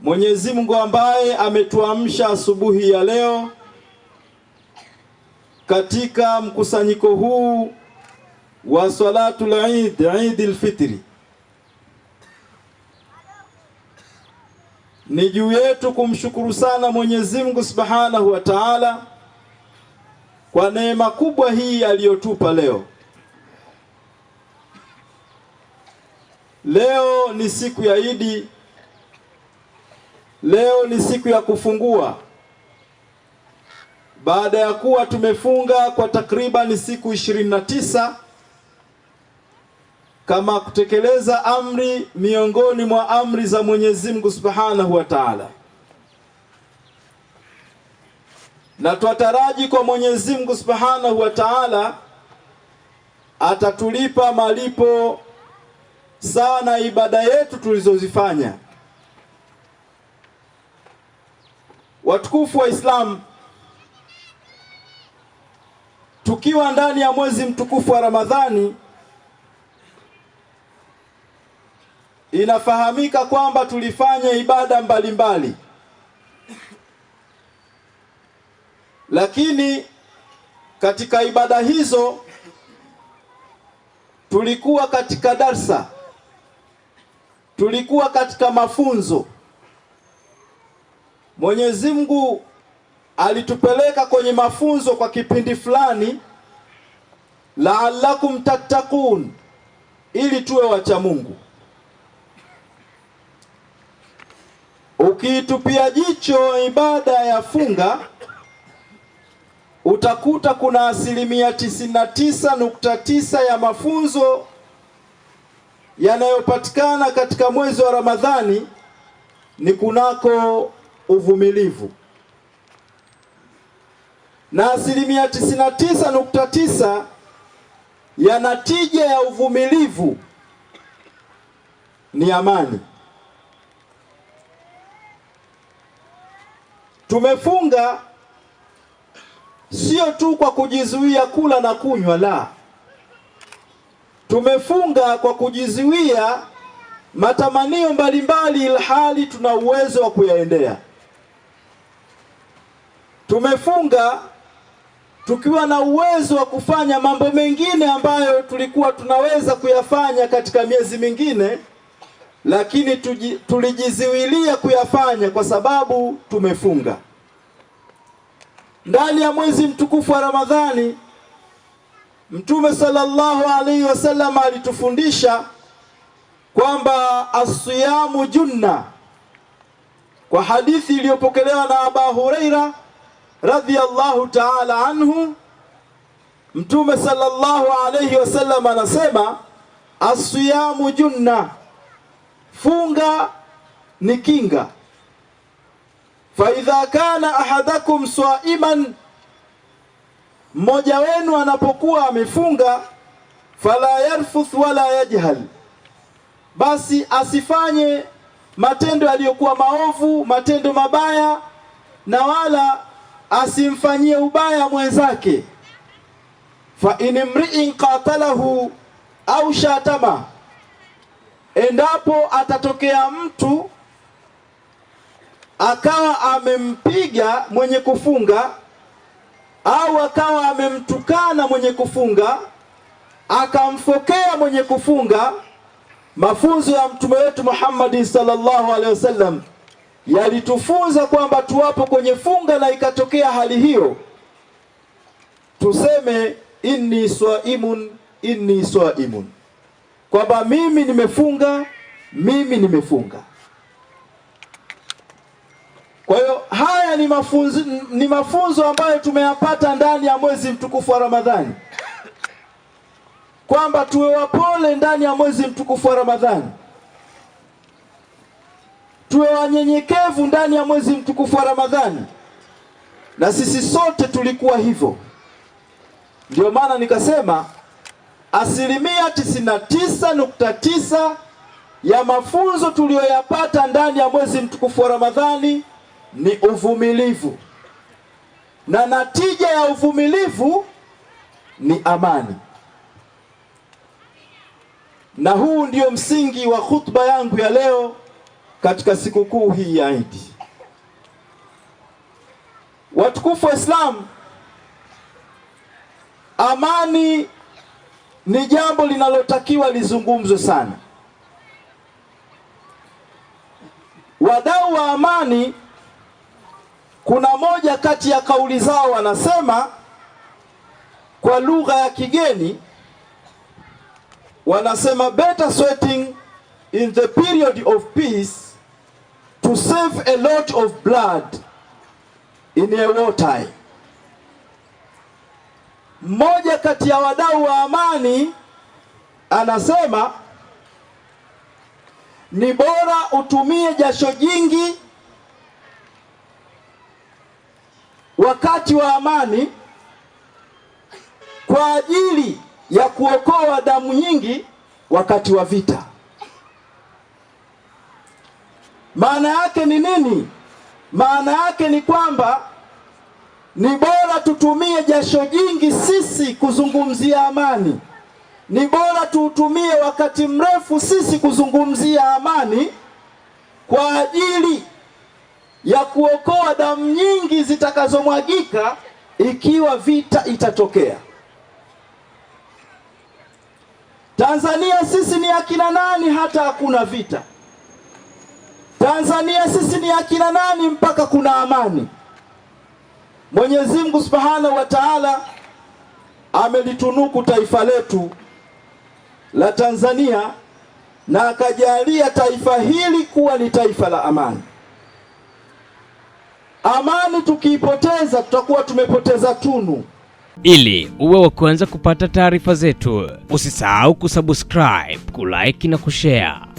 Mwenyezi Mungu ambaye ametuamsha asubuhi ya leo katika mkusanyiko huu wa salatul Eid, Eid al fitr Ni juu yetu kumshukuru sana Mwenyezi Mungu Subhanahu wa Ta'ala kwa neema kubwa hii aliyotupa leo. Leo ni siku ya Idi Leo ni siku ya kufungua baada ya kuwa tumefunga kwa takriban siku ishirini na tisa kama kutekeleza amri miongoni mwa amri za Mwenyezi Mungu Subhanahu wa Ta'ala, na twataraji kwa Mwenyezi Mungu Subhanahu wa Ta'ala atatulipa malipo sana ibada yetu tulizozifanya. Watukufu wa Islam, tukiwa ndani ya mwezi mtukufu wa Ramadhani, inafahamika kwamba tulifanya ibada mbalimbali mbali. Lakini katika ibada hizo tulikuwa katika darsa, tulikuwa katika mafunzo Mwenyezi Mungu alitupeleka kwenye mafunzo kwa kipindi fulani, laallakum tattaqun, ili tuwe wacha Mungu. Ukiitupia jicho ibada ya funga utakuta kuna asilimia tisini na tisa nukta tisa ya mafunzo yanayopatikana katika mwezi wa Ramadhani ni kunako uvumilivu, na asilimia 99.9 ya natija ya uvumilivu ni amani. Tumefunga sio tu kwa kujizuia kula na kunywa, la, tumefunga kwa kujizuia matamanio mbalimbali, ilhali tuna uwezo wa kuyaendea. Tumefunga tukiwa na uwezo wa kufanya mambo mengine ambayo tulikuwa tunaweza kuyafanya katika miezi mingine, lakini tuji, tulijiziwilia kuyafanya kwa sababu tumefunga. Ndani ya mwezi mtukufu wa Ramadhani, Mtume sallallahu alaihi wasallam alitufundisha kwamba asiyamu junna, kwa hadithi iliyopokelewa na Aba Huraira radhiallahu taala anhu, Mtume sallallahu alayhi wasallam anasema asiyamu junna, funga ni kinga. Fa idha kana ahadakum swaiman, mmoja wenu anapokuwa amefunga, fala yarfuth wala yajhal, basi asifanye matendo yaliyokuwa maovu, matendo mabaya na wala asimfanyie ubaya mwenzake, fa in mriin qatalahu au shatama, endapo atatokea mtu akawa amempiga mwenye kufunga au akawa amemtukana mwenye kufunga akamfokea mwenye kufunga. Mafunzo ya mtume wetu Muhammad sallallahu alaihi wasallam yalitufunza kwamba tuwapo kwenye funga na ikatokea hali hiyo, tuseme inni swaimun inni swaimun, kwamba mimi nimefunga, mimi nimefunga. Kwa hiyo haya ni mafunzo, ni mafunzo ambayo tumeyapata ndani ya mwezi mtukufu wa Ramadhani, kwamba tuwe wapole ndani ya mwezi mtukufu wa Ramadhani tuwe wanyenyekevu ndani ya mwezi mtukufu wa Ramadhani, na sisi sote tulikuwa hivyo. Ndio maana nikasema asilimia tisini na tisa nukta tisa ya mafunzo tuliyoyapata ndani ya mwezi mtukufu wa Ramadhani ni uvumilivu, na natija ya uvumilivu ni amani. Na huu ndio msingi wa khutba yangu ya leo katika sikukuu hii ya Idi. Watukufu wa islam amani ni jambo linalotakiwa lizungumzwe sana. Wadau wa amani, kuna moja kati ya kauli zao wanasema kwa lugha ya kigeni wanasema better sweating in the period of peace to save a lot of blood in a war time. Mmoja kati ya wadau wa amani anasema ni bora utumie jasho jingi wakati wa amani kwa ajili ya kuokoa damu nyingi wakati wa vita. Maana yake ni nini? Maana yake ni kwamba ni bora tutumie jasho jingi sisi kuzungumzia amani, ni bora tuutumie wakati mrefu sisi kuzungumzia amani kwa ajili ya kuokoa damu nyingi zitakazomwagika ikiwa vita itatokea. Tanzania sisi ni akina nani hata hakuna vita? Tanzania sisi ni akina nani mpaka kuna amani? Mwenyezi Mungu Subhanahu wa Ta'ala amelitunuku taifa letu la Tanzania na akajalia taifa hili kuwa ni taifa la amani. Amani tukiipoteza tutakuwa tumepoteza tunu. Ili uwe wa kwanza kupata taarifa zetu, usisahau kusubscribe, kulike na kushare